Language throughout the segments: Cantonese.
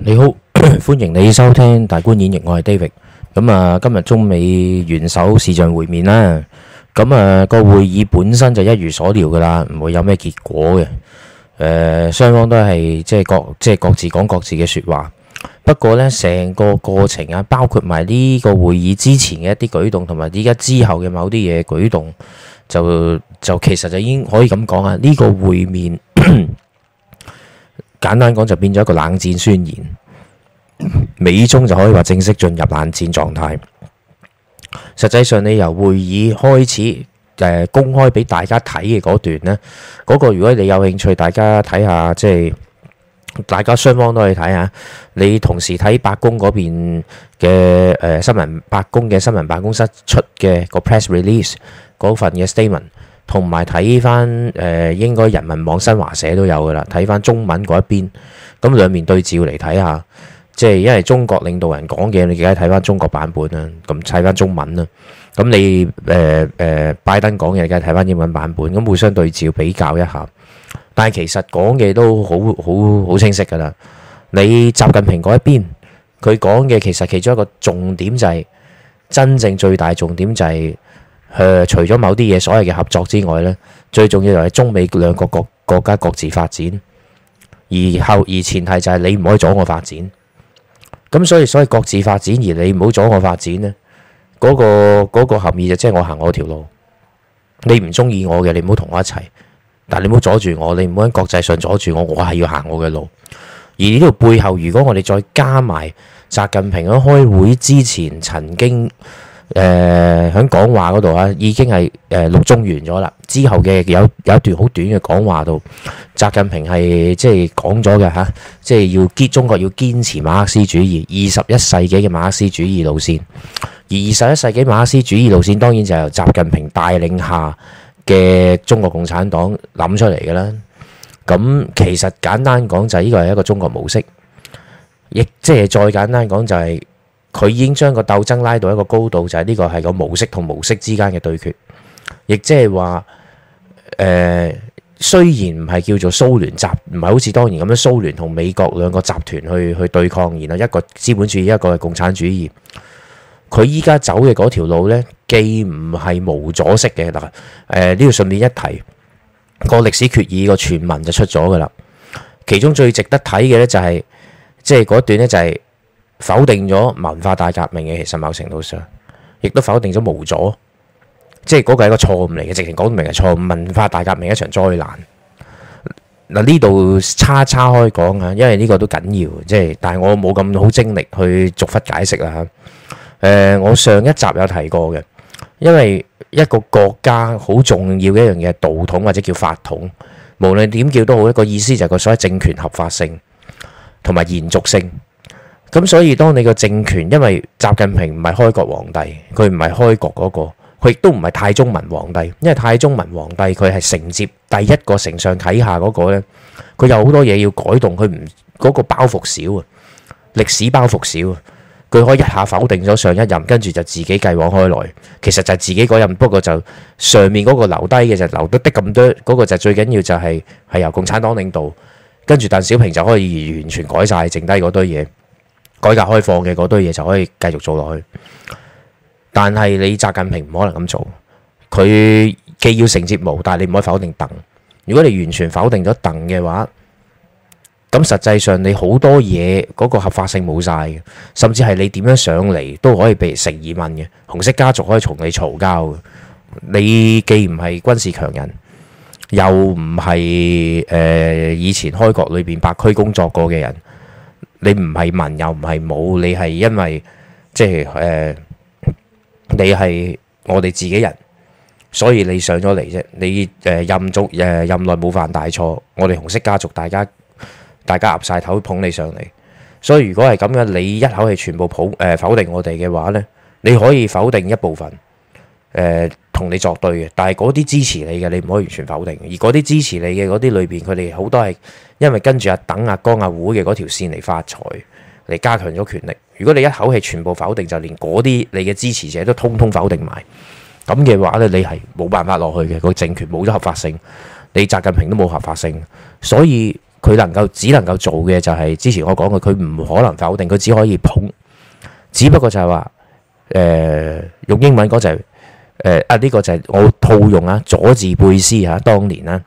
你好， 歡迎你收聽大觀演繹，我係 David。咁啊，今日中美元首視像會面啦。咁啊，個會議本身就一如所料噶啦，唔會有咩結果嘅。誒，雙方都係即係各即係各自講各自嘅說話。不過呢，成個過程啊，包括埋呢個會議之前嘅一啲舉動，同埋依家之後嘅某啲嘢舉動，就就其實就已經可以咁講啊，呢個會面。 簡單講就變咗一個冷戰宣言，美中就可以話正式進入冷戰狀態。實際上你由會議開始，誒、呃、公開俾大家睇嘅嗰段呢嗰、那個，如果你有興趣，大家睇下，即係大家雙方都可以睇下。你同時睇白宮嗰邊嘅誒、呃、新聞，白宮嘅新聞辦公室出嘅個 press release 嗰份嘅 statement。同埋睇翻誒，應該人民網、新華社都有嘅啦。睇翻中文嗰一邊，咁兩面對照嚟睇下，即係因為中國領導人講嘅，你記得睇翻中國版本啊，咁睇翻中文啦。咁你誒誒、呃呃、拜登講嘢，你睇翻英文版本，咁互相對照比較一下。但係其實講嘅都好好好清晰嘅啦。你習近平嗰一邊，佢講嘅其實其中一個重點就係、是、真正最大重點就係、是。誒，除咗某啲嘢、所謂嘅合作之外咧，最重要就係中美兩個國國家各自發展，而後而前提就係你唔可以阻我發展，咁所以所以各自發展，而你唔好阻我發展呢，嗰個嗰個含義就即係我行我條路，你唔中意我嘅，你唔好同我一齊，但係你唔好阻住我，你唔好喺國際上阻住我，我係要行我嘅路。而呢度背後，如果我哋再加埋習近平喺開會之前曾經。誒，喺講話嗰度啊，已經係誒六中完咗啦。之後嘅有有一段好短嘅講話度，習近平係即係講咗嘅吓，即係要堅中國要堅持馬克思主義二十一世紀嘅馬克思主義路線。而二十一世紀馬克思主義路線，當然就由習近平帶領下嘅中國共產黨諗出嚟嘅啦。咁其實簡單講就係呢個係一個中國模式，亦即係再簡單講就係、是。佢已經將個鬥爭拉到一個高度，就係呢個係個模式同模式之間嘅對決，亦即係話誒，雖然唔係叫做蘇聯集，唔係好似當年咁樣蘇聯同美國兩個集團去去對抗，然後一個資本主義，一個係共產主義。佢依家走嘅嗰條路呢，既唔係無阻塞嘅，嗱呢度順便一提，個歷史決議個全文就出咗噶啦。其中最值得睇嘅呢，就係即係嗰段呢，就係。否定咗文化大革命嘅，其實某程度上亦都否定咗無咗，即係嗰個係一個錯誤嚟嘅，直情講明係錯誤。文化大革命一場災難。嗱呢度叉叉開講啊因為呢個都緊要，即係但係我冇咁好精力去逐忽解釋啦。誒，我上一集有提過嘅，因為一個國家好重要嘅一樣嘢係道統或者叫法統，無論點叫都好，一個意思就係個所謂政權合法性同埋延續性。咁所以，當你個政權，因為習近平唔係開國皇帝，佢唔係開國嗰個，佢亦都唔係太宗文皇帝，因為太宗文皇帝佢係承接第一個承上啟下嗰個咧，佢有好多嘢要改動，佢唔嗰個包袱少啊，歷史包袱少啊，佢可以一下否定咗上一任，跟住就自己繼往開來，其實就係自己嗰任，不過就上面嗰個留低嘅就留得的咁多，嗰個就最緊要就係係由共產黨領導，跟住鄧小平就可以完全改晒剩低嗰堆嘢。改革開放嘅嗰堆嘢就可以繼續做落去，但係你習近平唔可能咁做。佢既要承接毛，但係你唔可以否定鄧。如果你完全否定咗鄧嘅話，咁實際上你好多嘢嗰個合法性冇晒嘅，甚至係你點樣上嚟都可以被成疑問嘅。紅色家族可以同你嘈交嘅，你既唔係軍事強人，又唔係誒以前開國裏邊白區工作過嘅人。你唔係文又唔係武，你係因為即係誒、呃，你係我哋自己人，所以你上咗嚟啫。你誒、呃、任族誒、呃、任內冇犯大錯，我哋紅色家族大家大家岌晒頭捧你上嚟，所以如果係咁樣，你一口氣全部抱誒、呃、否定我哋嘅話咧，你可以否定一部分誒。呃同你作對嘅，但係嗰啲支持你嘅，你唔可以完全否定。而嗰啲支持你嘅嗰啲裏邊，佢哋好多係因為跟住阿等，等阿江阿胡嘅嗰條線嚟發財，嚟加強咗權力。如果你一口氣全部否定，就連嗰啲你嘅支持者都通通否定埋咁嘅話呢，你係冇辦法落去嘅，個政權冇咗合法性，你習近平都冇合法性，所以佢能夠只能夠做嘅就係、是、之前我講嘅，佢唔可能否定，佢只可以捧，只不過就係話誒用英文講就係、是。誒啊！呢個就係我套用啊，佐治貝斯吓，當年咧，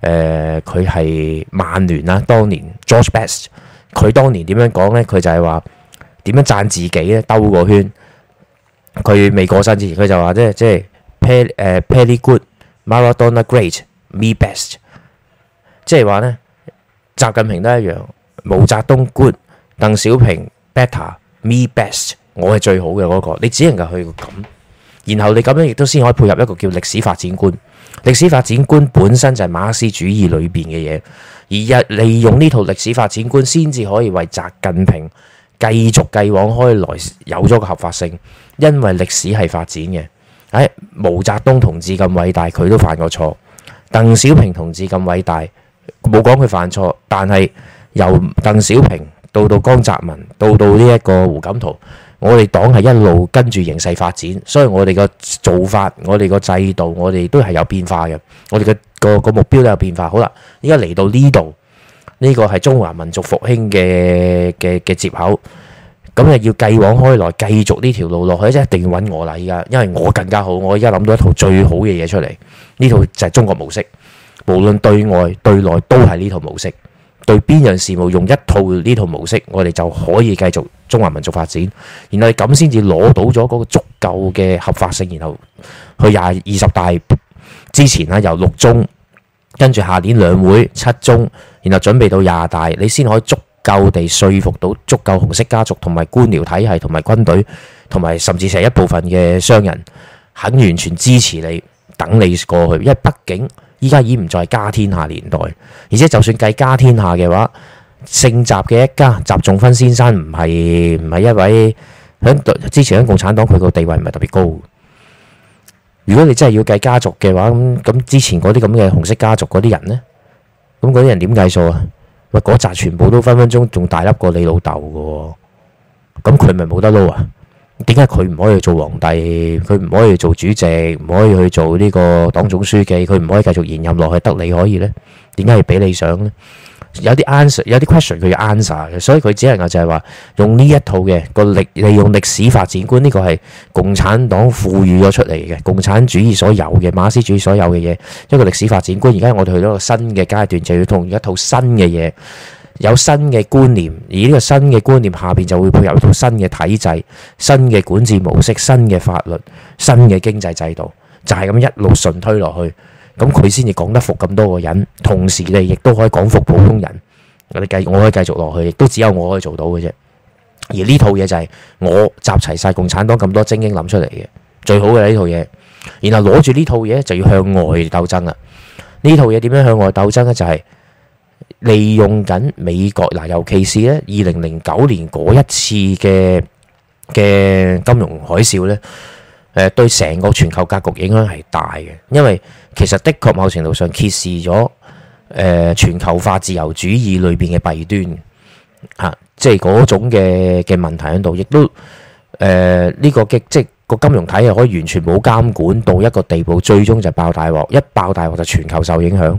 誒佢係曼聯啦，當年 George Best，佢當年點樣講咧？佢就係話點樣讚自己咧？兜個圈，佢未過身之前，佢就話即係即係 Perry Good，Maradona Great，Me Best，即係話咧，習近平都一樣，毛澤東 Good，鄧小平 Better，Me Best，我係最好嘅嗰個，你只能夠去咁。然後你咁樣亦都先可以配合一個叫歷史發展觀，歷史發展觀本身就係馬克思主義裏邊嘅嘢，而日利用呢套歷史發展觀，先至可以為習近平繼續繼往開來有咗個合法性，因為歷史係發展嘅。誒、哎，毛澤東同志咁偉大，佢都犯過錯，鄧小平同志咁偉大，冇講佢犯錯，但係由鄧小平到到江澤民，到到呢一個胡錦濤。我哋黨係一路跟住形勢發展，所以我哋個做法、我哋個制度、我哋都係有變化嘅。我哋嘅個個目標都有變化。好啦，依家嚟到呢度，呢個係中華民族復興嘅嘅嘅接口，咁啊要繼往開來，繼續呢條路落去，即一定要搵我啦！依家，因為我更加好，我依家諗到一套最好嘅嘢，出嚟呢套就係中國模式，無論對外對內都係呢套模式。對邊樣事務用一套呢套模式，我哋就可以繼續。中華民族發展，然後咁先至攞到咗嗰個足夠嘅合法性，然後去廿二十大之前啦，由六中跟住下年兩會七中，然後準備到廿大，你先可以足夠地說服到足夠紅色家族同埋官僚體系同埋軍隊，同埋甚至成一部分嘅商人肯完全支持你，等你過去。因為畢竟依家已唔再係家天下年代，而且就算計家天下嘅話。姓習嘅一家習仲勳先生唔係，唔係一位喺之前喺共產黨佢個地位唔係特別高。如果你真係要計家族嘅話，咁咁之前嗰啲咁嘅紅色家族嗰啲人咧，咁嗰啲人點計數啊？咪嗰集全部都分分鐘仲大粒過你老豆噶，咁佢咪冇得撈啊？點解佢唔可以做皇帝？佢唔可以做主席？唔可以去做呢個黨總書記？佢唔可以繼續延任落去？得你可以咧？點解要俾你想咧？有啲 answer，有啲 question，佢要 answer 嘅，所以佢只能夠就係話用呢一套嘅個歷利用歷史發展觀，呢個係共產黨賦予咗出嚟嘅，共產主義所有嘅馬克思主義所有嘅嘢，一個歷史發展觀。而家我哋去到一個新嘅階段，就要同一套新嘅嘢，有新嘅觀念，而呢個新嘅觀念下邊就會配合一套新嘅體制、新嘅管治模式、新嘅法律、新嘅經濟制度，就係咁一路順推落去。咁佢先至講得服咁多個人，同時你亦都可以講服普通人。我哋繼我可以繼續落去，亦都只有我可以做到嘅啫。而呢套嘢，就係我集齊晒共產黨咁多精英諗出嚟，嘅最好嘅呢套嘢，然後攞住呢套嘢就要向外鬥爭啦。呢套嘢點樣向外鬥爭呢？就係利用緊美國嗱，尤其是咧二零零九年嗰一次嘅嘅金融海嘯呢。誒對成個全球格局影響係大嘅，因為其實的確某程度上揭示咗、呃、全球化自由主義裏邊嘅弊端，啊、即係嗰種嘅嘅問題喺度，亦都誒呢、呃呢個即係個金融體系可以完全冇監管到一個地步，最終就爆大鑊，一爆大鑊就全球受影響。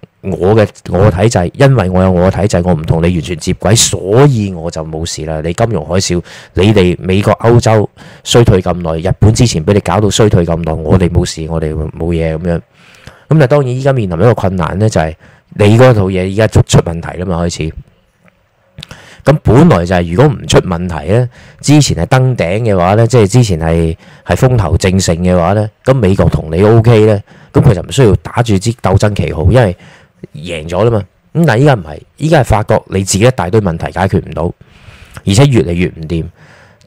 我嘅我嘅體制，因為我有我嘅體制，我唔同你完全接軌，所以我就冇事啦。你金融海嘯，你哋美國、歐洲衰退咁耐，日本之前俾你搞到衰退咁耐，我哋冇事，我哋冇嘢咁樣。咁但係當然，依家面臨一個困難咧，就係你嗰套嘢依家出出問題啦嘛。開始咁，本來就係如果唔出問題咧，之前係登頂嘅話咧，即係之前係係風頭正盛嘅話咧，咁美國同你 OK 咧，咁佢就唔需要打住啲鬥爭旗號，因為，贏咗啦嘛，咁但係依家唔係，依家係發覺你自己一大堆問題解決唔到，而且越嚟越唔掂。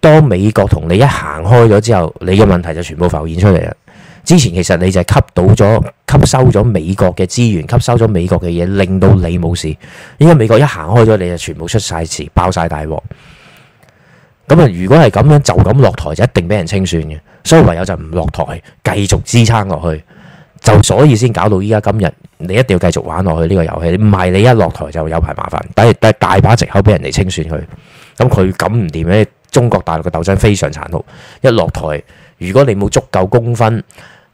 當美國同你一行開咗之後，你嘅問題就全部浮現出嚟啦。之前其實你就係吸到咗、吸收咗美國嘅資源、吸收咗美國嘅嘢，令到你冇事。依家美國一行開咗，你就全部出晒事、爆晒大鑊。咁啊，如果係咁樣就咁落台，就一定俾人清算嘅。所以唯有就唔落台，繼續支撐落去，就所以先搞到依家今日。你一定要繼續玩落去呢個遊戲，唔係你一落台就有排麻煩，但係大把藉口俾人哋清算佢。咁佢咁唔掂咧，中國大陸嘅鬥爭非常殘酷。一落台，如果你冇足夠公分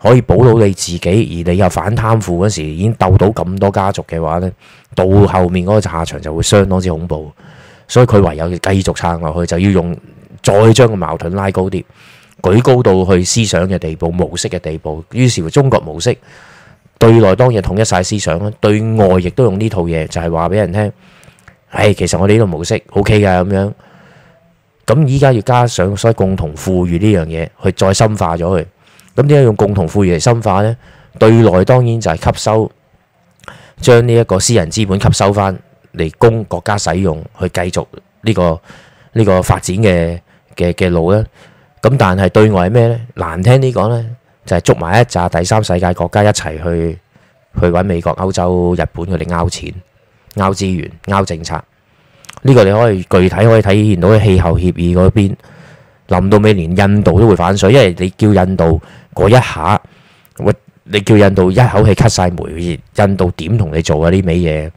可以保到你自己，而你又反貪腐嗰時已經鬥到咁多家族嘅話呢，到後面嗰個下場就會相當之恐怖。所以佢唯有繼續撐落去，就要用再將個矛盾拉高啲，舉高到去思想嘅地步、模式嘅地步。於是乎，中國模式。對內當然統一晒思想啦，對外亦都用呢套嘢，就係話俾人聽，誒，其實我哋呢個模式 OK 噶咁樣，咁依家要加上所謂共同富裕呢樣嘢，去再深化咗佢。咁點解用共同富裕嚟深化呢？對內當然就係吸收，將呢一個私人資本吸收翻嚟供國家使用，去繼續呢個呢個發展嘅嘅嘅路啦。咁但係對外係咩呢？難聽啲講呢。就係捉埋一扎第三世界國家一齊去去搵美國、歐洲、日本佢哋拗錢、拗資源、拗政策，呢個你可以具體可以體現到嘅氣候協議嗰邊，臨到尾連印度都會反水，因為你叫印度嗰一下，你叫印度一口氣 cut 晒煤，印度點同你做啊啲尾嘢？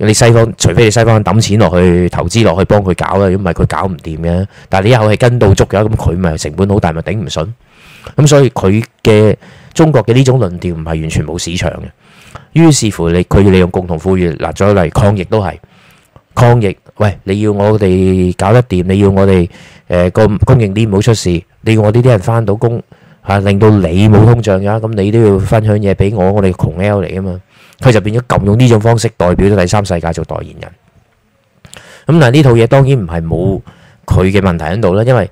你西方除非你西方抌錢落去投資落去幫佢搞啦，如果唔係佢搞唔掂嘅。但係你一口氣跟到足嘅話，咁佢咪成本好大，咪頂唔順？咁所以佢嘅中國嘅呢種論調唔係完全冇市場嘅，於是乎你佢要利用共同富裕嗱，再嚟抗疫都係抗疫。喂，你要我哋搞得掂，你要我哋誒個供應鏈唔好出事，你要我呢啲人翻到工嚇，令到你冇通脹㗎，咁你都要分享嘢俾我，我哋窮 L 嚟啊嘛，佢就變咗咁用呢種方式代表咗第三世界做代言人。咁但係，呢套嘢當然唔係冇佢嘅問題喺度啦，因為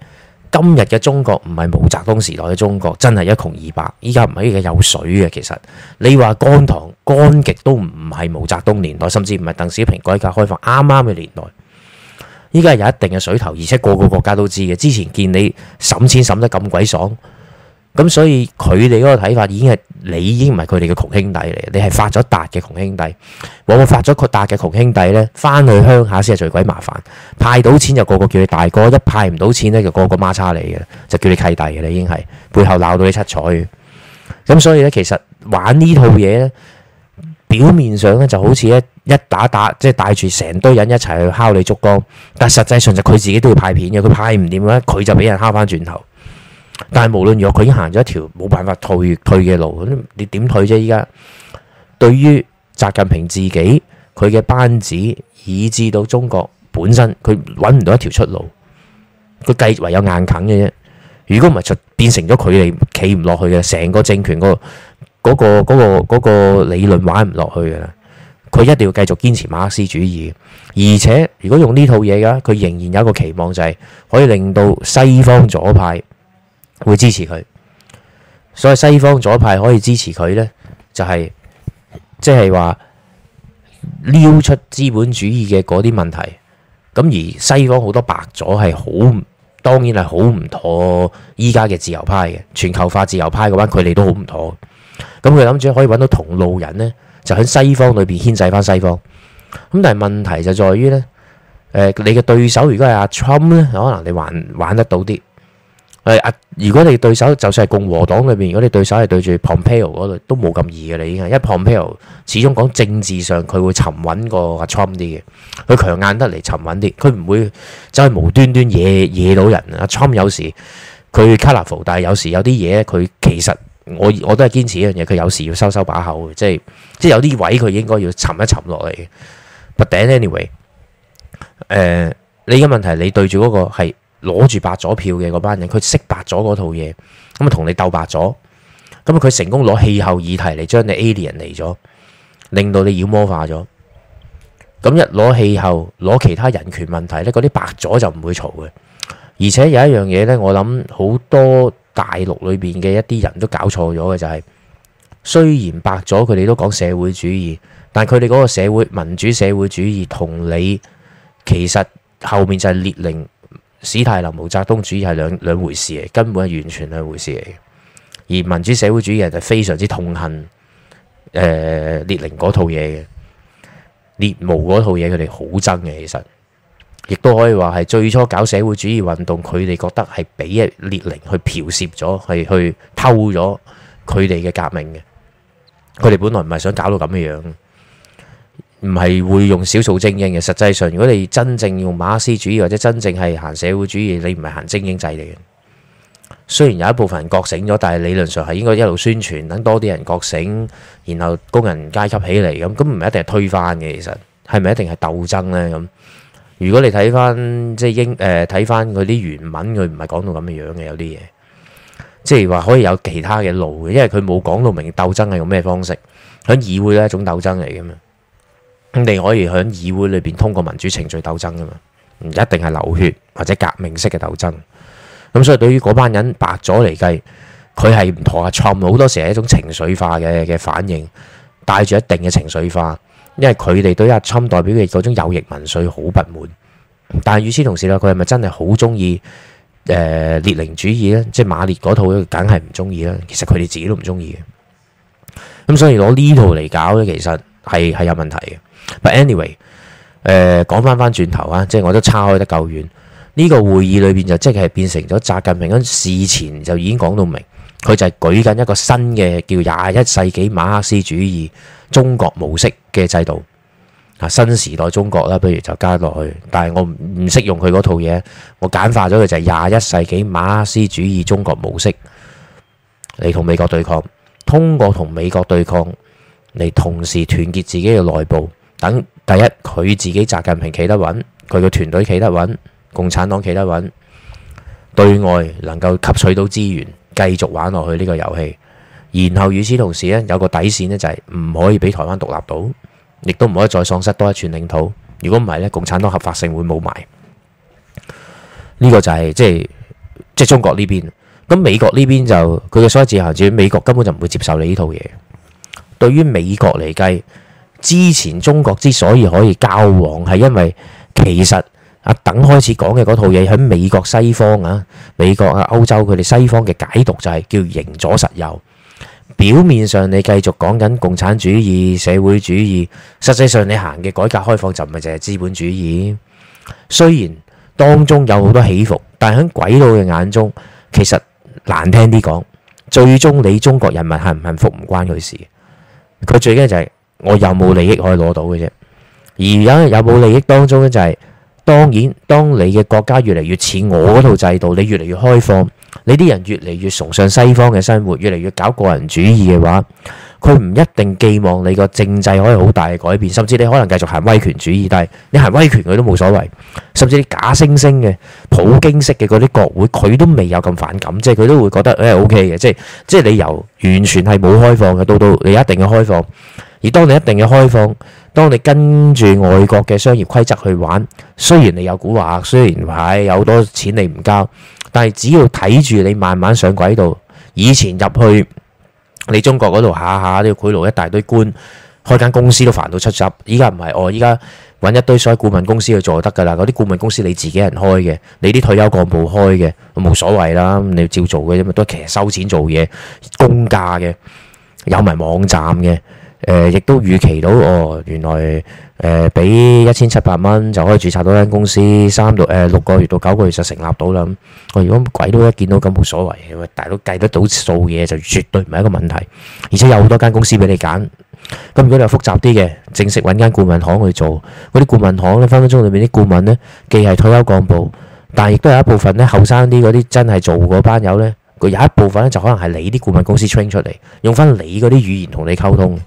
今日嘅中國唔係毛澤東時代嘅中國，真係一窮二白。依家唔係嘅，有水嘅，其實你話乾塘乾極都唔係毛澤東年代，甚至唔係鄧小平改革開放啱啱嘅年代。依家有一定嘅水頭，而且個個國家都知嘅。之前見你審錢審得咁鬼爽。咁所以佢哋嗰個睇法已經係你已經唔係佢哋嘅窮兄弟嚟，你係發咗達嘅窮兄弟，往往發咗個達嘅窮兄弟呢，翻去鄉下先係最鬼麻煩，派到錢就個個叫你大哥，一派唔到錢呢，就個個孖叉你嘅，就叫你契弟嘅啦，你已經係背後鬧到你七彩。咁所以呢，其實玩呢套嘢呢，表面上呢就好似一一打打，即係帶住成堆人一齊去敲你竹竿，但實際上就佢自己都要派片嘅，佢派唔掂呢，佢就俾人敲翻轉頭。但係無論如何佢已經行咗一條冇辦法退退嘅路，咁你點退啫？依家對於習近平自己，佢嘅班子，以至到中國本身，佢揾唔到一條出路，佢計唯有硬啃嘅啫。如果唔係就，變成咗佢哋企唔落去嘅，成個政權、嗰個嗰、嗰個、嗰個、嗰個理論玩唔落去嘅，佢一定要繼續堅持馬克思主義。而且如果用呢套嘢㗎，佢仍然有一個期望就係、是、可以令到西方左派。會支持佢，所以西方左派可以支持佢呢，就係即係話撩出資本主義嘅嗰啲問題。咁而西方好多白左係好，當然係好唔妥依家嘅自由派嘅全球化自由派嗰班，佢哋都好唔妥。咁佢諗住可以揾到同路人呢，就喺西方裏邊牽制翻西方。咁但係問題就在於呢，你嘅對手如果係阿 Trump 呢，可能你還玩，玩得到啲。係啊！如果你對手就算係共和黨裏邊，如果你對手係對住 Pompeo 嗰度，都冇咁易嘅，你已經係因為 Pompeo 始終講政治上，佢會沉穩過阿 Trump 啲嘅，佢強硬得嚟沉穩啲，佢唔會走去無端端惹惹到人。阿 Trump 有時佢 colourful，但係有時有啲嘢佢其實，我我都係堅持一樣嘢，佢有時要收收把口嘅，即係即係有啲位佢應該要沉一沉落嚟。But then anyway，誒、呃，你嘅問題你對住嗰個係。攞住白左票嘅嗰班人，佢識白左嗰套嘢，咁啊同你鬥白左，咁佢成功攞氣候議題嚟將你 alien 嚟咗，令到你妖魔化咗。咁一攞氣候，攞其他人權問題呢，嗰啲白左就唔會嘈嘅。而且有一樣嘢呢，我諗好多大陸裏邊嘅一啲人都搞錯咗嘅就係、是，雖然白左，佢哋都講社會主義，但佢哋嗰個社會民主社會主義同你其實後面就係列寧。史太林、毛澤東主義係兩兩回事嚟，根本係完全兩回事嚟。而民主社會主義人就非常之痛恨、呃、列寧嗰套嘢嘅，列毛嗰套嘢佢哋好憎嘅，其實亦都可以話係最初搞社會主義運動，佢哋覺得係俾列寧去剽竊咗，係去偷咗佢哋嘅革命嘅，佢哋本來唔係想搞到咁嘅樣。唔係會用少數精英嘅，實際上如果你真正用馬克思主義或者真正係行社會主義，你唔係行精英制嚟嘅。雖然有一部分人覺醒咗，但係理論上係應該一路宣傳，等多啲人覺醒，然後工人階級起嚟咁，咁唔係一定係推翻嘅。其實係咪一定係鬥爭呢？咁如果你睇翻即係英，誒睇翻佢啲原文，佢唔係講到咁嘅樣嘅，有啲嘢，即係話可以有其他嘅路嘅，因為佢冇講到明鬥爭係用咩方式。喺議會係一種鬥爭嚟噶嘛。肯定可以響議會裏邊通過民主程序鬥爭噶嘛。唔一定係流血或者革命式嘅鬥爭。咁所以對於嗰班人白咗嚟計，佢係唔同阿蔣好多時係一種情緒化嘅嘅反應，帶住一定嘅情緒化。因為佢哋對阿蔣代表嘅嗰種右翼民粹好不滿。但係與此同時啦，佢係咪真係好中意誒列寧主義咧？即係馬列嗰套，梗係唔中意啦。其實佢哋自己都唔中意嘅。咁所以攞呢套嚟搞咧，其實係係有問題嘅。But anyway，誒講翻翻轉頭啊，即係我都叉開得夠遠。呢個會議裏邊就即係變成咗習近平響事前就已經講到明，佢就係舉緊一個新嘅叫廿一世紀馬克思主義中國模式嘅制度。啊，新時代中國啦，不如就加落去。但係我唔唔識用佢嗰套嘢，我簡化咗佢就係廿一世紀馬克思主義中國模式嚟同美國對抗，通過同美國對抗嚟同時團結自己嘅內部。等第一，佢自己習近平企得穩，佢個團隊企得穩，共產黨企得穩，對外能夠吸取到資源，繼續玩落去呢個遊戲。然後與此同時咧，有個底線咧，就係，就係唔可以俾台灣獨立到，亦都唔可以再喪失多一寸領土。如果唔係咧，共產黨合法性會冇埋。呢、呢個就係、係、即係即係中國呢邊。咁美國呢邊就佢嘅所有自由主義，美國根本就唔會接受你呢套嘢。對於美國嚟計。之前中國之所以可以交往，係因為其實阿、啊、等開始講嘅嗰套嘢喺美國西方啊，美國啊，歐洲佢哋西方嘅解讀就係叫形左實右。表面上你繼續講緊共產主義、社會主義，實際上你行嘅改革開放就唔係淨係資本主義。雖然當中有好多起伏，但係喺鬼佬嘅眼中，其實難聽啲講，最終你中國人民幸唔幸福唔關佢事，佢最緊就係。我有冇利益可以攞到嘅啫？而有有冇利益當中咧、就是，就係當然。當你嘅國家越嚟越似我嗰套制度，你越嚟越開放，你啲人越嚟越崇尚西方嘅生活，越嚟越搞個人主義嘅話，佢唔一定寄望你個政制可以好大嘅改變，甚至你可能繼續行威權主義，但係你行威權佢都冇所謂，甚至你假惺惺嘅普京式嘅嗰啲國會，佢都未有咁反感，即係佢都會覺得誒 O K 嘅，即係即係你由完全係冇開放嘅，到到你一定嘅開放。而當你一定要開放，當你跟住外國嘅商業規則去玩，雖然你有蠱惑，雖然係、哎、有好多錢你唔交，但係只要睇住你慢慢上軌道。以前入去你中國嗰度下下都要賄賂一大堆官，開間公司都煩到出汁。依家唔係哦，依家揾一堆所謂顧問公司去做就得噶啦。嗰啲顧問公司你自己人開嘅，你啲退休幹部開嘅，冇所謂啦。你照做嘅，因為都其實收錢做嘢，公價嘅，有埋網站嘅。誒，亦都預期到哦。原來誒，俾一千七百蚊就可以註冊到間公司，三到誒六個月到九個月就成立到啦。咁，我如果鬼佬一見到咁，冇所謂，大佬計得到數嘢就絕對唔係一個問題。而且有好多間公司俾你揀。咁如果你話複雜啲嘅，正式揾間顧問行去做，嗰啲顧問行咧，分分鐘裏面啲顧問咧，既係退休幹部，但係亦都有一部分咧後生啲嗰啲真係做過班友咧，佢有一部分咧就可能係你啲顧問公司 train 出嚟，用翻你嗰啲語言同你溝通。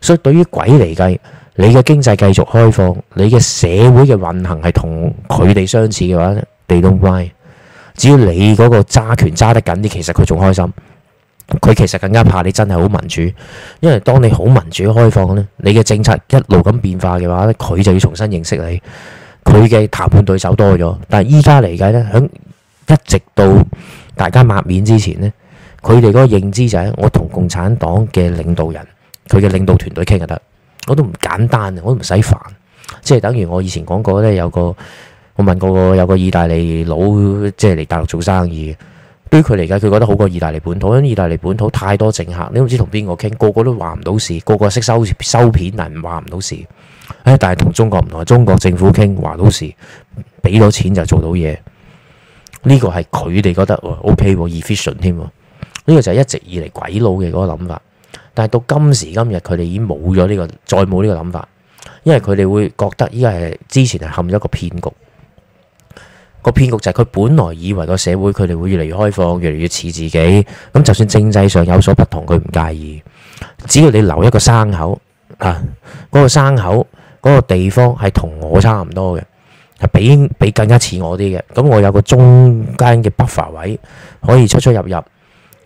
所以對於鬼嚟計，你嘅經濟繼續開放，你嘅社會嘅運行係同佢哋相似嘅話，地都唔怪。只要你嗰個揸權揸得緊啲，其實佢仲開心。佢其實更加怕你真係好民主，因為當你好民主開放呢，你嘅政策一路咁變化嘅話呢，佢就要重新認識你。佢嘅談判對手多咗，但係依家嚟計呢，響一直到大家抹面之前呢，佢哋嗰個認知就係我同共產黨嘅領導人。佢嘅領導團隊傾就得，我都唔簡單，我都唔使煩，即係等於我以前講過呢有個我問過個有個意大利佬，即係嚟大陸做生意嘅，對於佢嚟講，佢覺得好過意大利本土，因為意大利本土太多政客，你唔知同邊個傾，個個都話唔到事，個個識收收片但係，話唔到事。但係同中國唔同，中國政府傾話到事，俾咗錢就做到嘢，呢、呢個係佢哋覺得 OK，efficient 添，呢、哦 okay, 哦哦呢個就係一直以嚟鬼佬嘅嗰個諗法。但係到今時今日，佢哋已經冇咗呢個，再冇呢個諗法，因為佢哋會覺得依家係之前係陷咗一個騙局。個騙局就係佢本來以為個社會，佢哋會越嚟越開放，越嚟越似自己。咁就算政制上有所不同，佢唔介意，只要你留一個山口啊，嗰個山口嗰個地方係同我差唔多嘅，係比比更加似我啲嘅。咁我有個中間嘅 buffer 位可以出出入入。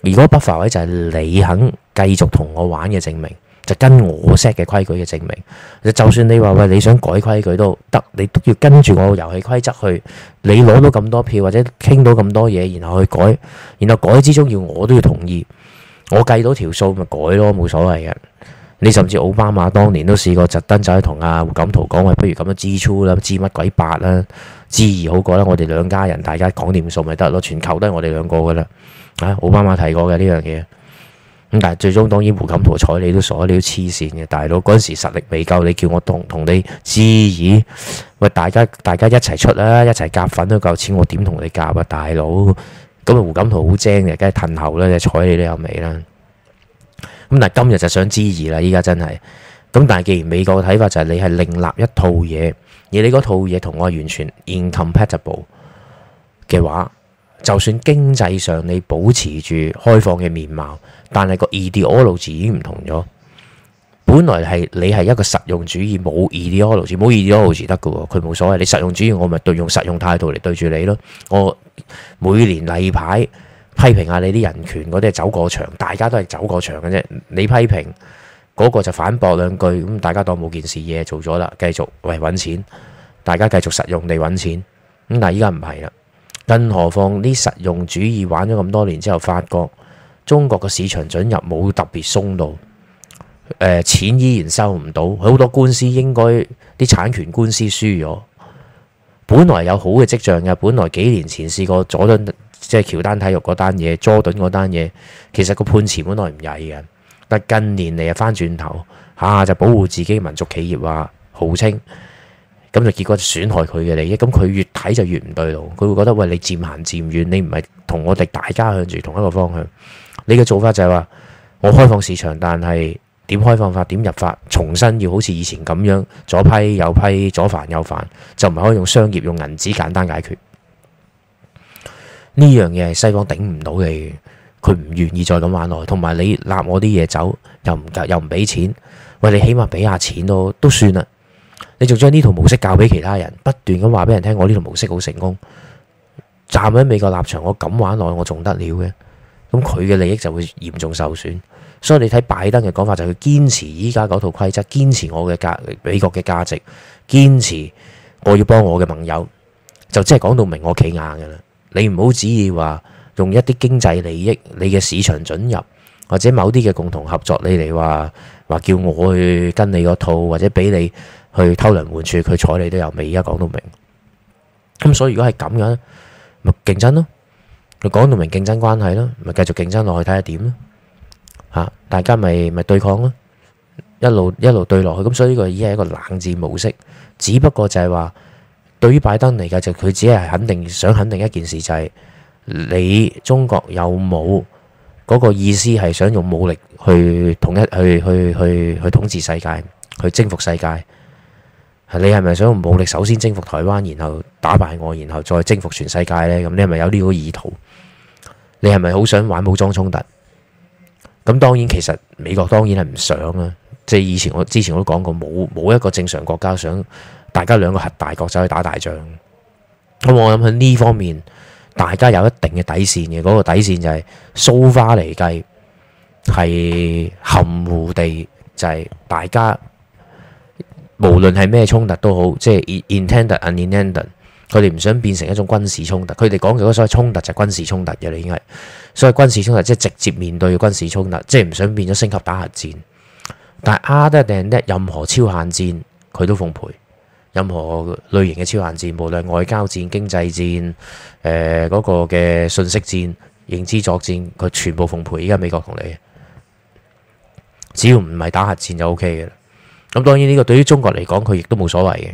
而個 buffer 位就係你肯繼續同我玩嘅證明，就跟我 set 嘅規矩嘅證明。就算你話喂，你想改規矩都得，你都要跟住我遊戲規則去。你攞到咁多票或者傾到咁多嘢，然後去改，然後改之中要我都要同意。我計到條數咪改咯，冇所謂嘅。你甚至奧巴馬當年都試過，特登走去同阿胡錦濤講，喂，不如咁樣 G2 啦，G 乜鬼8啦，G2 好過啦。G2, G2, G2, 我哋兩家人大家講掂數咪得咯，全球都係我哋兩個噶啦。啊、哎，奧巴馬提過嘅呢樣嘢。咁但係最終當然胡錦濤睬你都傻，你都黐線嘅大佬。嗰陣時實力未夠，你叫我同同你質疑？喂，大家大家一齊出啦，一齊夾粉都夠錢，我點同你夾啊，大佬？咁啊胡錦濤好精嘅，梗係褪後啦，你睬你都有味啦。咁但係今日就想質疑啦，依家真係。咁但係既然美國嘅睇法就係你係另立一套嘢，而你嗰套嘢同我完全 incompatible 嘅話。就算經濟上你保持住開放嘅面貌，但係個 ideology 已經唔同咗。本來係你係一個實用主義，冇 ideology，冇 ideology 得嘅喎，佢冇所謂。你實用主義，我咪對用實用態度嚟對住你咯。我每年例牌批評下你啲人權嗰啲係走過場，大家都係走過場嘅啫。你批評嗰個就反駁兩句，咁大家當冇件事，嘢做咗啦，繼續為揾錢，大家繼續實用地揾錢。咁但係依家唔係啦。更何況呢實用主義玩咗咁多年之後，發覺中國嘅市場准入冇特別鬆動，誒、呃、錢依然收唔到。好多官司應該啲產權官司輸咗，本來有好嘅跡象嘅。本來幾年前試過佐頓，即、就、係、是、喬丹體育嗰單嘢，佐頓嗰單嘢，其實個判詞本來唔曳嘅，但近年嚟又翻轉頭下下就保護自己民族企業呀，號稱。咁就結果就損害佢嘅利益，咁佢越睇就越唔對路，佢會覺得喂你漸行漸遠，你唔係同我哋大家向住同一個方向，你嘅做法就係話我開放市場，但係點開放法？點入法？重新要好似以前咁樣左批右批，左繁右繁，就唔可以用商業用銀紙簡單解決。呢樣嘢係西方頂唔到嘅，佢唔願意再咁玩落去，同埋你攬我啲嘢走又唔又唔俾錢，喂你起碼俾下錢咯，都算啦。你仲將呢套模式教俾其他人，不斷咁話俾人聽，我呢套模式好成功。站喺美國立場，我咁玩耐，我仲得了嘅？咁佢嘅利益就會嚴重受損。所以你睇拜登嘅講法，就係佢堅持依家嗰套規則，堅持我嘅價，美國嘅價值，堅持我要幫我嘅盟友，就即係講到明我企硬㗎喇。你唔好旨意話用一啲經濟利益，你嘅市場准入或者某啲嘅共同合作，你嚟話話叫我去跟你嗰套，或者俾你。去偷梁換柱，佢睬你都有味。而家講到明，咁所以如果係咁樣，咪競爭咯。佢講到明競爭關係咯，咪繼續競爭落去睇下點咯。吓，大家咪咪對抗咯，一路一路對落去。咁所以呢個已係一個冷戰模式，只不過就係話，對於拜登嚟嘅，就佢只係肯定想肯定一件事，就係你中國有冇嗰個意思係想用武力去統一、去去去去統治世界、去征服世界。你係咪想武力首先征服台灣，然後打敗我，然後再征服全世界呢？咁你係咪有呢個意圖？你係咪好想玩武裝衝突？咁當然，其實美國當然係唔想啦。即係以前我之前我都講過，冇冇一個正常國家想大家兩個核大國走去打大仗。咁我諗喺呢方面，大家有一定嘅底線嘅。嗰個底線就係蘇花嚟計，係含糊地就係大家。無論係咩衝突都好，即係 intend and i n e n d 佢哋唔想變成一種軍事衝突。佢哋講嘅嗰個所謂衝突就軍事衝突嘅啦，應該。所以軍事衝突即係直接面對軍事衝突，即係唔想變咗升級打核戰。但係 harder than 任何超限戰佢都奉陪。任何類型嘅超限戰，無論外交戰、經濟戰、誒、呃、嗰、那個嘅信息戰、認知作戰，佢全部奉陪。依家美國同你，只要唔係打核戰就 OK 嘅啦。咁當然呢個對於中國嚟講，佢亦都冇所謂嘅，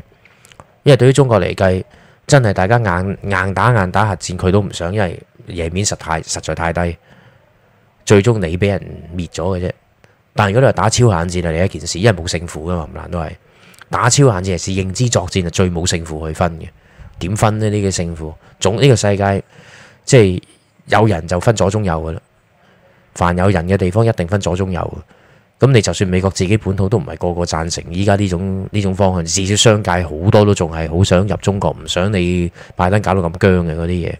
因為對於中國嚟計，真係大家硬硬打硬打核戰，佢都唔想，因為贏面實太實在太低，最終你俾人滅咗嘅啫。但如果你話打超限戰係另一件事，因為冇勝負噶嘛，唔難都係打超限戰係是認知作戰係，最冇勝負去分嘅，點分呢？呢個勝負總呢個世界即係有人就分左中右噶啦，凡有人嘅地方一定分左中右。咁你就算美國自己本土都唔係個個贊成依家呢種呢種方向，至少商界好多都仲係好想入中國，唔想你拜登搞到咁僵嘅嗰啲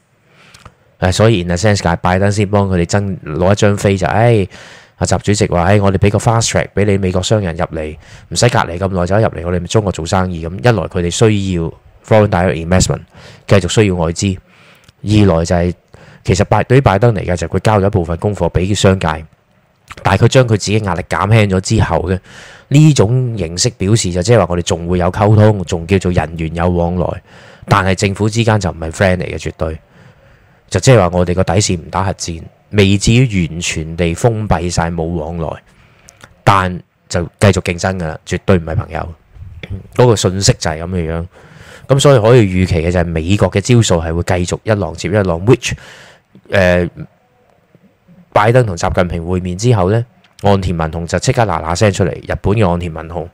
嘢。所以 in a sense 界拜登先幫佢哋爭攞一張飛就，誒、哎，阿習主席話，誒、哎，我哋俾個 fast track 俾你美國商人入嚟，唔使隔離咁耐就入嚟，我哋中國做生意咁。一來佢哋需要 foreign direct investment 繼續需要外資；二來就係、是、其實拜對於拜登嚟嘅就佢交咗一部分功課俾商界。但係佢將佢自己壓力減輕咗之後嘅呢種形式表示就即係話我哋仲會有溝通，仲叫做人員有往來，但係政府之間就唔係 friend 嚟嘅，絕對就即係話我哋個底線唔打核戰，未至於完全地封閉晒冇往來，但就繼續競爭噶啦，絕對唔係朋友。嗰個信息就係咁嘅樣，咁所以可以預期嘅就係美國嘅招數係會繼續一浪接一浪，which、呃拜登同習近平會面之後呢，岸田文雄就即刻嗱嗱聲出嚟，日本嘅岸田文雄。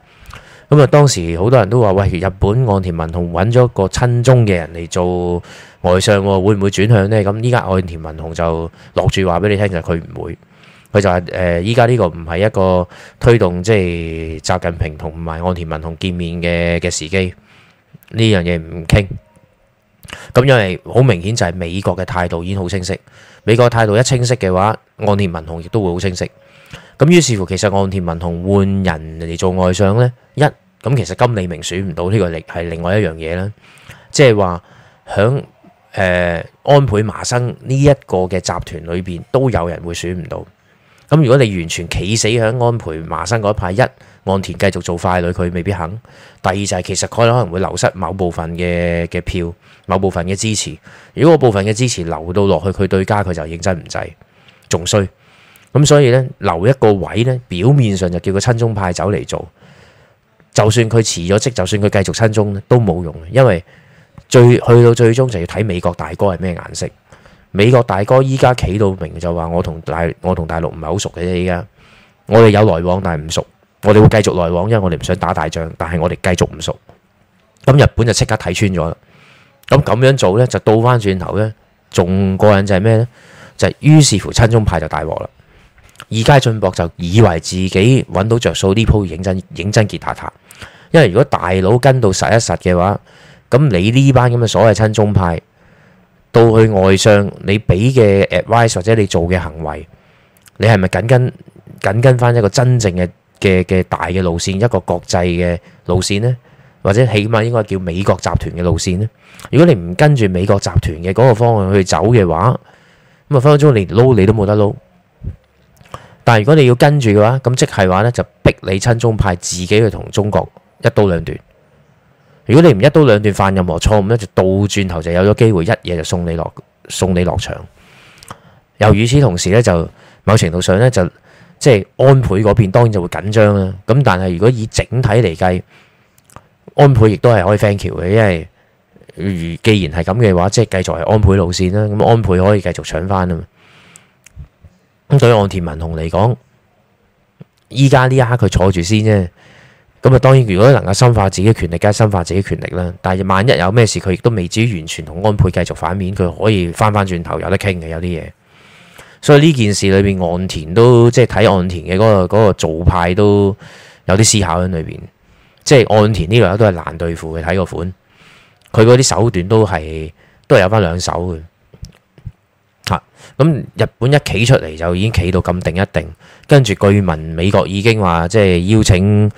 咁啊，當時好多人都話：「喂，日本岸田文雄揾咗個親中嘅人嚟做外相，會唔會轉向呢？」咁依家岸田文雄就落住話俾你聽，就實其實佢唔會。佢就係誒，依家呢個唔係一個推動即係、就是、習近平同埋岸田文雄見面嘅嘅時機。呢樣嘢唔傾。咁因為好明顯就係美國嘅態度已經好清晰，美國態度一清晰嘅話，岸田文雄亦都會好清晰。咁於是乎，其實岸田文雄換人嚟做外相呢？一咁其實金利明選唔到呢個力係另外一樣嘢啦，即係話響誒安倍麻生呢一個嘅集團裏邊都有人會選唔到。咁如果你完全企死響安倍麻生嗰一派，一岸田繼續做傀儡，佢未必肯。第二就係其實佢可能會流失某部分嘅嘅票，某部分嘅支持。如果部分嘅支持留到落去，佢對家佢就認真唔制仲衰。咁所以呢，留一個位呢，表面上就叫佢親中派走嚟做，就算佢辭咗職，就算佢繼續親中都冇用，因為最去到最終就要睇美國大哥係咩顏色。美國大哥依家企到明就話：我同大我同大陸唔係好熟嘅啫。依家我哋有來往，但係唔熟。我哋會繼續來往，因為我哋唔想打大仗。但係我哋繼續唔熟。咁日本就即刻睇穿咗啦。咁咁樣做呢，就倒翻轉頭呢，仲過癮就係咩呢？就於是乎親中派就大鑊啦。二階俊博就以為自己揾到着數呢鋪，認真認真結大塔。因為如果大佬跟到實一實嘅話，咁你呢班咁嘅所謂親中派。到去外商，你俾嘅 advice 或者你做嘅行為，你係咪緊跟緊跟翻一個真正嘅嘅嘅大嘅路線，一個國際嘅路線呢？或者起碼應該叫美國集團嘅路線呢？如果你唔跟住美國集團嘅嗰個方向去走嘅話，咁啊分分鐘連撈你都冇得撈。但係如果你要跟住嘅話，咁即係話呢，就逼你親中派自己去同中國一刀兩斷。如果你唔一刀兩斷，犯任何錯誤咧，就倒轉頭就有咗機會一夜就送你落送你落場。又與此同時咧，就某程度上咧，就即係安倍嗰邊當然就會緊張啦。咁但係如果以整體嚟計，安倍亦都係可以翻橋嘅，因為既然係咁嘅話，即係繼續係安倍路線啦。咁安倍可以繼續搶翻啊嘛。咁對岸田文雄嚟講，依家呢一刻佢坐住先啫。咁啊，當然如果能夠深化自己嘅權力，梗係深化自己權力啦。但係萬一有咩事，佢亦都未至於完全同安倍繼續反面，佢可以翻翻轉頭有，有得傾嘅有啲嘢。所以呢件事裏面，岸田都即係睇岸田嘅嗰、嗰個做、嗰個、派都有啲思考喺裏邊。即係岸田呢度都係難對付嘅。睇個款，佢嗰啲手段都係都係有翻兩手嘅嚇。咁、啊、日本一企出嚟就已經企到咁定一定，跟住據聞美國已經話即係邀請。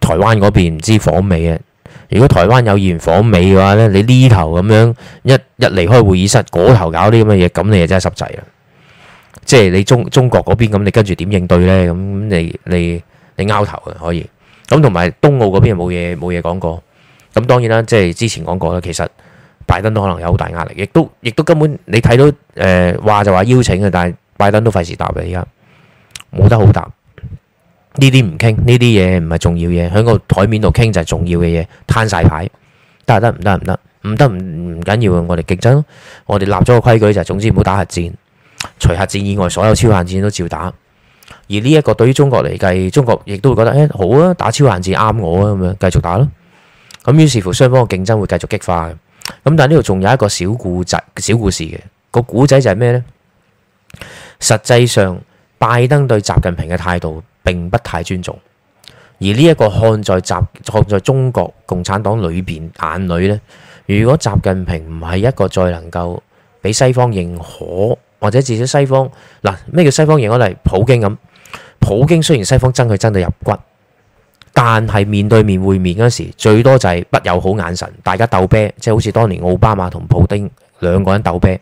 台灣嗰邊唔知訪美啊？如果台灣有議員訪美嘅話呢，你呢頭咁樣一一離開會議室，嗰頭搞啲咁嘅嘢，咁你又真係濕滯啦。即係你中中國嗰邊咁，你跟住點應對呢？咁你你你拗頭啊？可以。咁同埋冬奧嗰邊冇嘢冇嘢講過。咁當然啦，即係之前講過啦。其實拜登都可能有好大壓力，亦都亦都根本你睇到誒、呃、話就話邀請嘅，但係拜登都費事答你。而家冇得好答。呢啲唔傾，呢啲嘢唔係重要嘢。喺個台面度傾就係重要嘅嘢，攤晒牌得得唔得唔得唔得唔唔緊要，我哋競爭咯。我哋立咗個規矩就係，總之唔好打核戰。除核戰以外，所有超限戰都照打。而呢一個對於中國嚟計，中國亦都會覺得，哎、欸、好啊，打超限戰啱我啊，咁樣繼續打咯。咁於是乎，雙方嘅競爭會繼續激化。咁但係呢度仲有一個小故仔、小故事嘅個故仔就係咩呢？實際上，拜登對習近平嘅態度，並不太尊重，而呢一個看在習，看在中國共產黨裏邊眼裏呢，如果習近平唔係一個再能夠俾西方認可，或者至少西方嗱，咩叫西方認可嚟？普京咁，普京雖然西方爭佢爭到入骨，但係面對面會面嗰時，最多就係不友好眼神，大家鬥啤，即係好似當年奧巴馬同普丁兩個人鬥啤，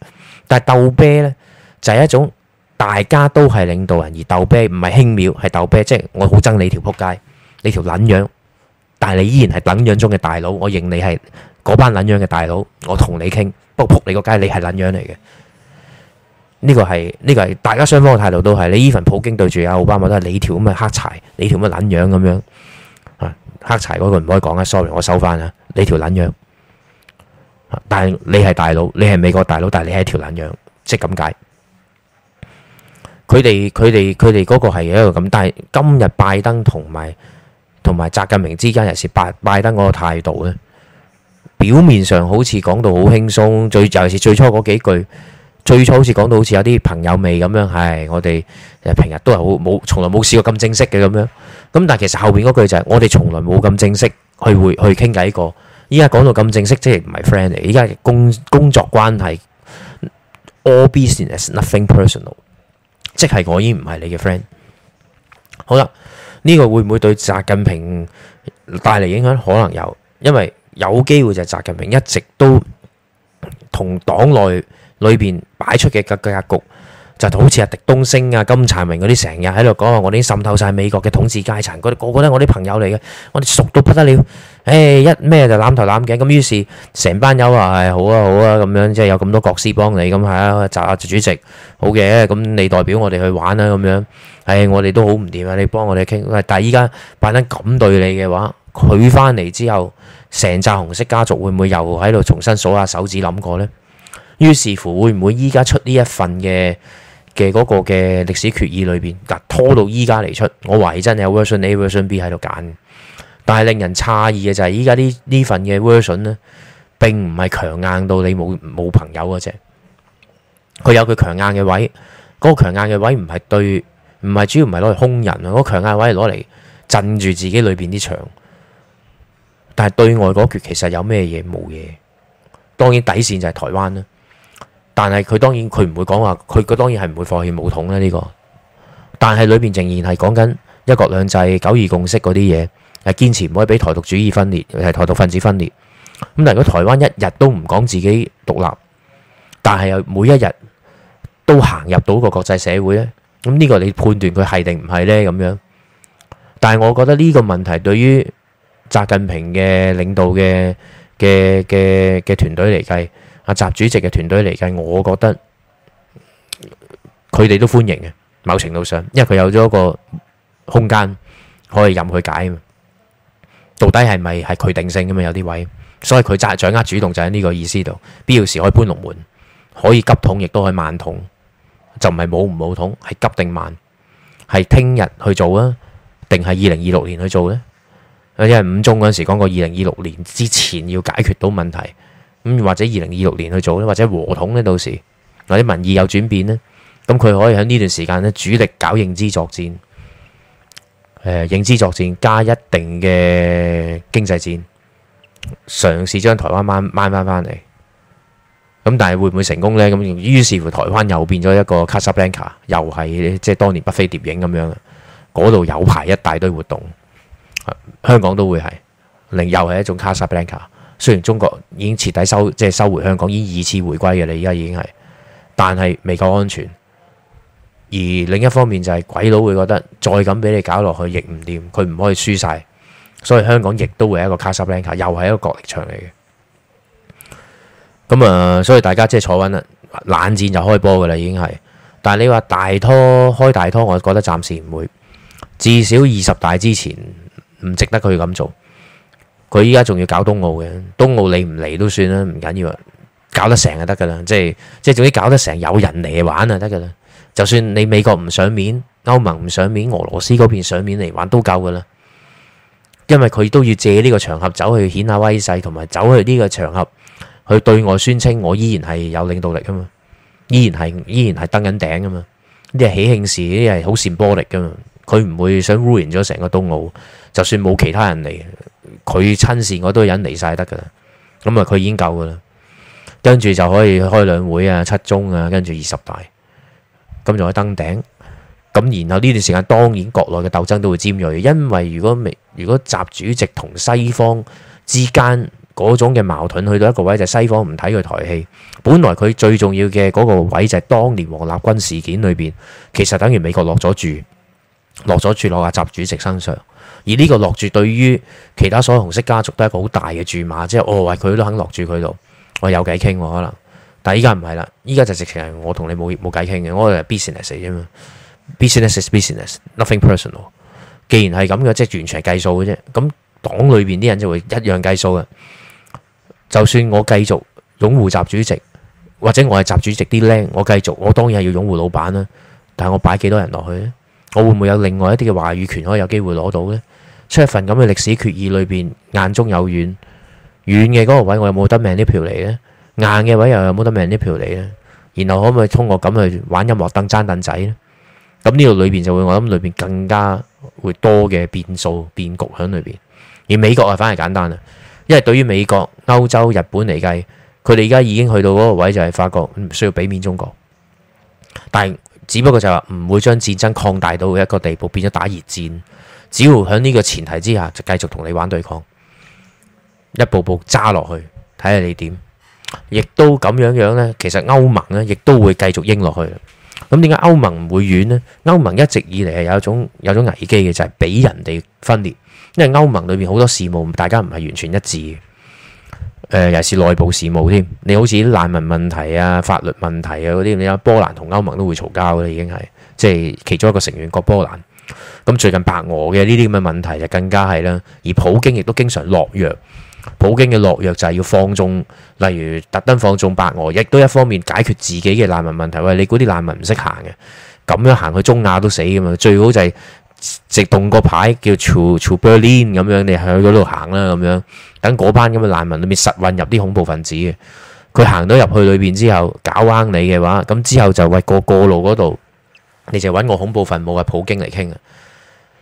但係鬥啤呢，就係一種。大家都係領導人，而鬥啤唔係輕蔑，係鬥啤。即係我好憎你條仆街，你條撚樣，但係你依然係撚樣中嘅大佬。我認你係嗰班撚樣嘅大佬。我同你傾，不過仆你個街，你係撚樣嚟嘅。呢個係，呢個係大家雙方嘅態度都係。你依份普京對住阿奧巴馬都係你條咁嘅黑柴，你條咁嘅撚樣咁樣啊？黑柴嗰個唔可以講啊，sorry，我收翻啦。你條撚樣啊，但係你係大佬，你係美國大佬，但係你係條撚樣，即係咁解。佢哋佢哋佢哋嗰個係一個咁，但係今日拜登同埋同埋習近平之間又是拜拜登嗰個態度咧。表面上好似講到好輕鬆，最尤其是最初嗰幾句，最初好似講到好似有啲朋友味咁樣。係、哎、我哋誒平日都係好冇從來冇試過咁正式嘅咁樣。咁但係其實後邊嗰句就係、是、我哋從來冇咁正式去會去傾偈過。依家講到咁正式，即係唔係 friendly，依家工工作關係 all business，nothing personal。即係我已經唔係你嘅 friend。好啦，呢、這個會唔會對習近平帶嚟影響？可能有，因為有機會就係習近平一直都同黨內裏邊擺出嘅格格局，就是、好似阿狄東升啊、金燦榮嗰啲，成日喺度講話我哋滲透晒美國嘅統治階層，佢哋個個都係我啲朋友嚟嘅，我哋熟到不得了。誒，一咩、哎、就攬頭攬頸咁，於是成班友話：係、哎、好啊，好啊，咁樣即係有咁多國師幫你咁係啊，習主席好嘅，咁你代表我哋去玩啦咁樣。誒、哎，我哋都好唔掂啊，你幫我哋傾。但係依家扮得咁對你嘅話，佢翻嚟之後，成紮紅色家族會唔會又喺度重新數下手指諗過呢？於是乎會唔會依家出呢一份嘅嘅嗰個嘅歷史決議裏邊，嗱拖到依家嚟出，我懷疑真係有 version A、version B 喺度揀。但係令人詫異嘅就係依家呢呢份嘅 version 呢，並唔係強硬到你冇冇朋友嗰隻，佢有佢強硬嘅位，嗰個強硬嘅位唔係對，唔係主要唔係攞嚟兇人啊，嗰強硬位係攞嚟鎮住自己裏邊啲牆。但係對外嗰橛其實有咩嘢冇嘢，當然底線就係台灣啦。但係佢當然佢唔會講話，佢佢當然係唔會放棄武統啦。呢個，但係裏邊仍然係講緊一國兩制、九二共識嗰啲嘢。係堅持唔可以俾台獨主義分裂，係台獨分子分裂。咁但係，如果台灣一日都唔講自己獨立，但係又每一日都行入到個國際社會呢，咁呢個你判斷佢係定唔係呢？咁樣，但係我覺得呢個問題對於習近平嘅領導嘅嘅嘅嘅團隊嚟計，阿習主席嘅團隊嚟計，我覺得佢哋都歡迎嘅。某程度上，因為佢有咗一個空間可以任佢解啊。到底係咪係佢定性噶嘛？有啲位，所以佢就係掌握主動就喺呢個意思度。必要時可以搬龍門，可以急統，亦都可以慢統，就唔係冇唔冇統，係急定慢，係聽日去做啊，定係二零二六年去做呢？因為五中嗰陣時講過，二零二六年之前要解決到問題，咁或者二零二六年去做呢？或者和統呢？到時或者民意有轉變呢，咁佢可以喺呢段時間呢主力搞認知作戰。誒、嗯、認知作戰加一定嘅經濟戰，嘗試將台灣掹掹翻翻嚟。咁但係會唔會成功呢？咁於是乎台灣又變咗一個 Casablanca，又係即係當年北非諜影咁樣。嗰度有排一大堆活動，香港都會係，另又係一種 Casablanca。雖然中國已經徹底收即係收回香港，已經二次回歸嘅你而家已經係，但係未夠安全。而另一方面就係、是、鬼佬會覺得再咁俾你搞落去亦唔掂，佢唔可以輸晒，所以香港亦都會係一個卡薩布蘭卡又係一個角力場嚟嘅。咁啊、呃，所以大家即係坐穩啦，冷戰就開波㗎啦，已經係。但係你話大拖開大拖，我覺得暫時唔會，至少二十大之前唔值得佢咁做。佢依家仲要搞冬奧嘅，冬奧你唔嚟都算啦，唔緊要呀，搞得成就得㗎啦，即係即係總之搞得成有人嚟玩就得㗎啦。就算你美國唔上面，歐盟唔上面，俄羅斯嗰邊上面嚟玩都夠噶啦，因為佢都要借呢個場合走去顯下威勢，同埋走去呢個場合去對外宣稱我依然係有領導力噶嘛，依然係依然係登緊頂噶嘛，呢係喜慶事，呢係好 symbolic 噶嘛，佢唔會想污染咗成個冬奧，就算冇其他人嚟，佢親善我都忍嚟晒得噶啦，咁啊佢已經夠噶啦，跟住就可以開兩會啊、七中啊，跟住二十大。咁仲喺登頂，咁然後呢段時間當然國內嘅鬥爭都會尖銳，因為如果未如果習主席同西方之間嗰種嘅矛盾去到一個位，就西方唔睇佢台戲。本來佢最重要嘅嗰個位就係當年王立軍事件裏邊，其實等於美國落咗注，落咗注落阿習主席身上。而呢個落注對於其他所有紅色家族都係一個好大嘅注碼，即係我話佢都肯落注佢度，有我有偈傾可能。但係依家唔係啦，依家就直情係我同你冇冇偈傾嘅，我係 business 啫嘛，business is business, nothing personal。既然係咁嘅，即係完全係計數嘅啫。咁黨裏邊啲人就會一樣計數嘅。就算我繼續擁護習主席，或者我係習主席啲靚，我繼續，我當然係要擁護老闆啦。但係我擺幾多人落去呢？我會唔會有另外一啲嘅話語權可以有機會攞到呢？出一份咁嘅歷史決議裏邊，眼中有眼遠遠嘅嗰個位，我有冇得命啲票嚟呢？硬嘅位又有冇得命啲票你呢？然後可唔可以通過咁去玩音樂凳爭凳仔呢？咁呢度裏邊就會我諗裏邊更加會多嘅變數變局喺裏邊。而美國啊，反而簡單啦，因為對於美國、歐洲、日本嚟計，佢哋而家已經去到嗰個位就係發覺唔需要俾面中國，但係只不過就話唔會將戰爭擴大到一個地步，變咗打熱戰。只要喺呢個前提之下，就繼續同你玩對抗，一步步揸落去，睇下你點。亦都咁樣樣呢，其實歐盟呢亦都會繼續應落去。咁點解歐盟唔會軟呢？歐盟一直以嚟係有一種有一種危機嘅，就係、是、俾人哋分裂。因為歐盟裏面好多事務，大家唔係完全一致。誒、呃，又是內部事務添。你好似難民問題啊、法律問題啊嗰啲，你諗波蘭同歐盟都會嘈交嘅，已經係即係其中一個成員國波蘭。咁最近白俄嘅呢啲咁嘅問題就更加係啦。而普京亦都經常落藥。普京嘅落藥就係要放縱，例如特登放縱白俄，亦都一方面解決自己嘅難民問題。喂，你估啲難民唔識行嘅，咁樣行去中亞都死噶嘛？最好就係、是、直動個牌叫朝朝 Berlin 咁樣，你去嗰度行啦咁樣。等嗰班咁嘅難民裏面實混入啲恐怖分子嘅，佢行到入去裏邊之後搞掹你嘅話，咁之後就喂過過路嗰度，你就揾我恐怖份子嘅普京嚟傾啊！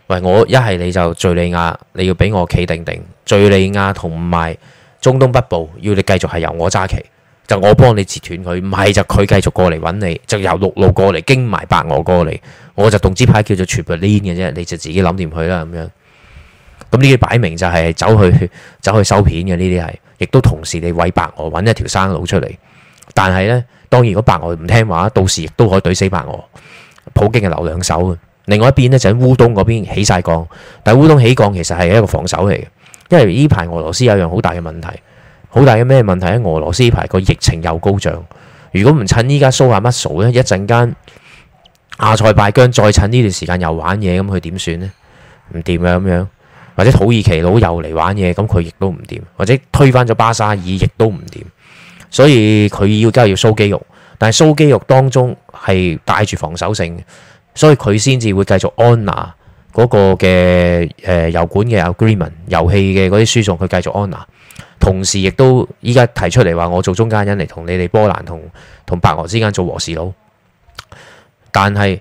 喂，我一係你就敍利亞，你要俾我企定定；敍利亞同埋中東北部，要你繼續係由我揸旗，就我幫你截斷佢。唔係就佢繼續過嚟揾你，就由陸路過嚟，經埋白俄過嚟，我就動支派叫做全部 link 嘅啫。你就自己諗掂佢啦咁樣。咁呢啲擺明就係走去走去收片嘅，呢啲係亦都同時你為白俄揾一條生路出嚟。但係呢，當然如果白俄唔聽話，到時亦都可以懟死白俄。普京係留兩手。另外一邊咧就喺烏東嗰邊起晒降，但係烏東起降其實係一個防守嚟嘅，因為呢排俄羅斯有樣好大嘅問題，好大嘅咩問題咧？俄羅斯呢排個疫情又高漲，如果唔趁依家蘇瓦穆索咧一陣間阿塞拜疆再趁呢段時間又玩嘢咁，佢點算咧？唔掂嘅咁樣，或者土耳其佬又嚟玩嘢，咁佢亦都唔掂，或者推翻咗巴沙爾亦都唔掂，所以佢要梗係要蘇肌肉，但係蘇肌肉當中係帶住防守性。所以佢先至會繼續安拿嗰個嘅誒、呃、油管嘅 agreement、油氣嘅嗰啲輸送，佢繼續安拿。同時亦都依家提出嚟話，我做中間人嚟同你哋波蘭同同白俄之間做和事佬。但係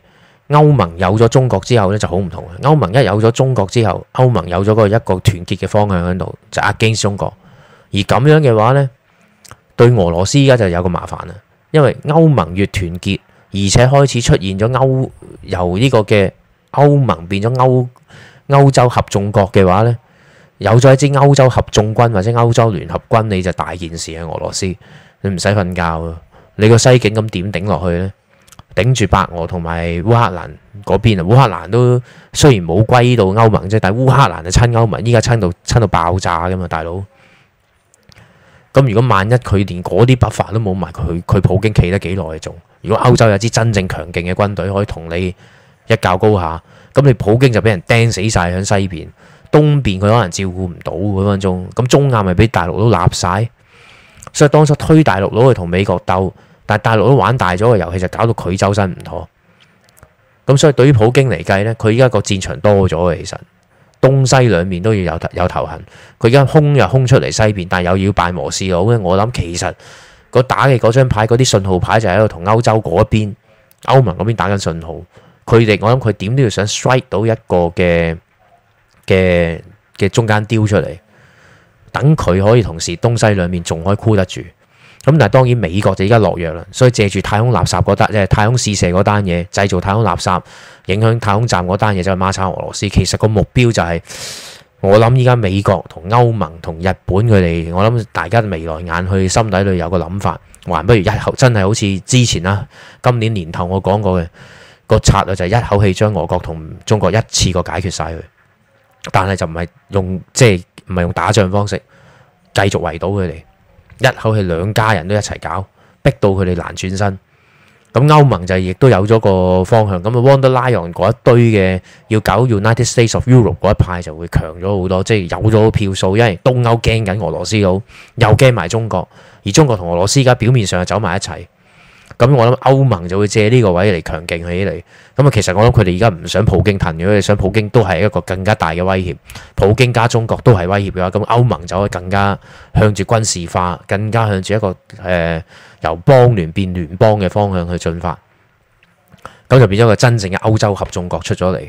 歐盟有咗中國之後呢，就好唔同。歐盟一有咗中國之後，歐盟有咗嗰一個團結嘅方向喺度，就 against 中國。而咁樣嘅話呢，對俄羅斯依家就有個麻煩啦，因為歐盟越團結。而且開始出現咗歐，由呢個嘅歐盟變咗歐歐洲合眾國嘅話呢，有咗一支歐洲合眾軍或者歐洲聯合軍，你就大件事啊！俄羅斯你唔使瞓覺啊！你個西境咁點頂落去咧？頂住白俄同埋烏克蘭嗰邊啊！烏克蘭都雖然冇歸到歐盟啫，但係烏克蘭就親歐盟，依家親到親到爆炸噶嘛，大佬！咁如果萬一佢連嗰啲北伐都冇埋，佢佢普京企得幾耐仲？如果歐洲有支真正強勁嘅軍隊可以同你一較高下，咁你普京就俾人釘死晒喺西邊，東邊佢可能照顧唔到嗰分鐘，咁中亞咪俾大陸都立晒。所以當初推大陸攞去同美國鬥，但係大陸都玩大咗嘅遊戲，就搞到佢周身唔妥。咁所以對於普京嚟計呢，佢依家個戰場多咗嘅，其實東西兩面都要有有頭痕。佢而家空又空出嚟西邊，但係又要拜摩斯佬，所以我諗其實。打嘅嗰張牌，嗰啲信號牌就喺度同歐洲嗰邊、歐盟嗰邊打緊信號。佢哋我諗佢點都要想 strike 到一個嘅嘅嘅中間丟出嚟，等佢可以同時東西兩面仲可以箍得住。咁但係當然美國就而家落藥啦，所以借住太空垃圾嗰單，即係太空試射嗰單嘢製造太空垃圾，影響太空站嗰單嘢，就係孖抄俄羅斯。其實個目標就係、是。我諗依家，美國同歐盟同日本佢哋，我諗大家眉來眼去心底裏有個諗法，還不如一口真係好似之前啦，啊，今年年頭我講過嘅，那個策略就係一口氣將俄國同中國一次過解決晒佢，但係就唔係用即係唔係用打仗方式，繼續圍堵佢哋，一口氣兩家人都一齊搞，逼到佢哋難轉身。咁歐盟就亦都有咗個方向，咁啊 von der Leyen 嗰一堆嘅要搞 United States of Europe 嗰一派就會強咗好多，即係有咗票數，因為東歐驚緊俄羅斯佬，又驚埋中國，而中國同俄羅斯而家表面上就走埋一齊。咁我諗歐盟就會借呢個位嚟強勁起嚟。咁啊，其實我諗佢哋而家唔想普京褪嘅，如果想普京都係一個更加大嘅威脅。普京加中國都係威脅嘅話，咁歐盟就可以更加向住軍事化、更加向住一個誒、呃、由邦聯變聯邦嘅方向去進發。咁就變咗個真正嘅歐洲合眾國出咗嚟。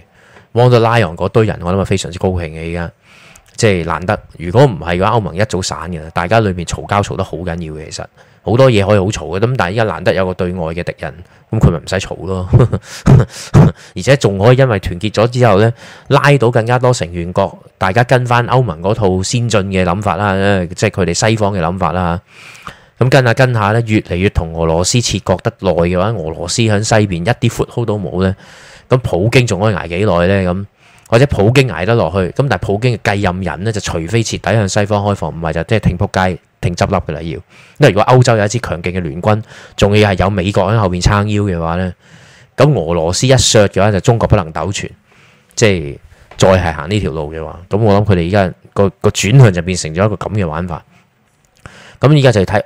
汪德拉楊嗰堆人，我諗啊非常之高興嘅，而家即係難得。如果唔係嘅話，歐盟一早散嘅，大家裏面嘈交嘈得好緊要嘅，其實。好多嘢可以好嘈嘅，咁但係依家難得有個對外嘅敵人，咁佢咪唔使嘈咯， 而且仲可以因為團結咗之後呢，拉到更加多成員國，大家跟翻歐盟嗰套先進嘅諗法啦，即係佢哋西方嘅諗法啦嚇。咁跟下跟下呢，越嚟越同俄羅斯切割得耐嘅話，俄羅斯喺西邊一啲豁口都冇呢。咁普京仲可以捱幾耐呢？咁或者普京捱得落去，咁但係普京嘅繼任人呢，就除非徹底向西方開放，唔係就即係停仆街。挺執笠嘅啦，要，因為如果歐洲有一支強勁嘅聯軍，仲要係有美國喺後邊撐腰嘅話呢，咁俄羅斯一削嘅話，就中國不能抖存，即係再係行呢條路嘅話，咁我諗佢哋而家個個轉向就變成咗一個咁嘅玩法。咁而家就睇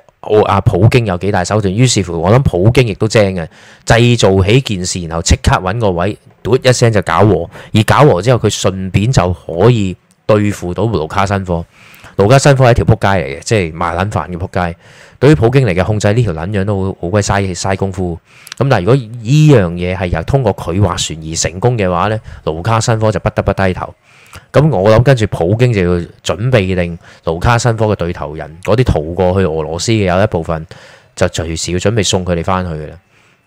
阿普京有幾大手段，於是乎我諗普京亦都正嘅，製造起件事，然後即刻揾個位，嘟一聲就搞和，而搞和之後佢順便就可以對付到盧卡申科。盧卡申科係一條撲街嚟嘅，即係賣撚飯嘅撲街。對於普京嚟嘅控制呢條撚樣都好好鬼嘥嘥功夫。咁但係如果呢樣嘢係由通過佢划船而成功嘅話呢，盧卡申科就不得不低頭。咁我諗跟住普京就要準備定盧卡申科嘅對頭人，嗰啲逃過去俄羅斯嘅有一部分就隨時要準備送佢哋翻去嘅啦。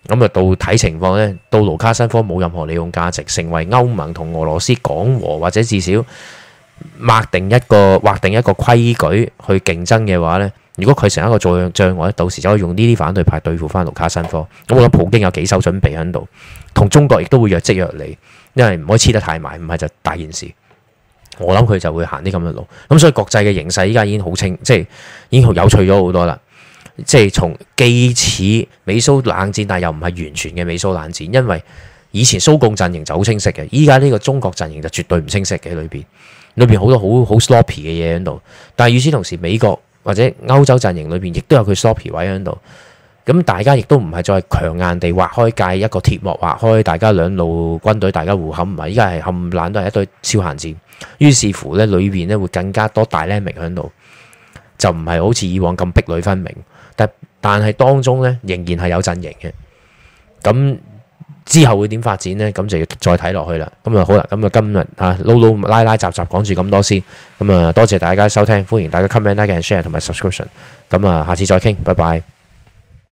咁啊到睇情況呢到盧卡申科冇任何利用價值，成為歐盟同俄羅斯講和或者至少。擘定一個劃定一個規矩去競爭嘅話呢，如果佢成一個作用障礙，到時就可以用呢啲反對派對付翻盧卡申科。嗯嗯、我諗普京有幾手準備喺度，同中國亦都會若即若離，因為唔可以黐得太埋，唔係就大件事。我諗佢就會行啲咁嘅路。咁所以國際嘅形勢依家已經好清，即係已經有趣咗好多啦。即係從既似美蘇冷戰，但又唔係完全嘅美蘇冷戰，因為以前蘇共陣營就好清晰嘅，依家呢個中國陣營就絕對唔清晰嘅喺裏邊。裏邊好多好好 sloppy 嘅嘢喺度，但係與此同時，美國或者歐洲陣營裏邊亦都有佢 sloppy 位喺度。咁大家亦都唔係再強硬地劃開界一個鐵幕，劃開大家兩路軍隊，大家互冚埋。依家係冚唥都係一堆超限戰。於是乎咧，裏邊咧會更加多 dynamic 喺度，就唔係好似以往咁壁壘分明。但但係當中呢，仍然係有陣營嘅。咁。之後會點發展呢？咁就要再睇落去啦。咁就好啦，咁就今日啊撈撈拉拉雜雜講住咁多先。咁啊多謝大家收聽，歡迎大家 comment like and share 同埋 subscription。咁啊下次再傾，拜拜。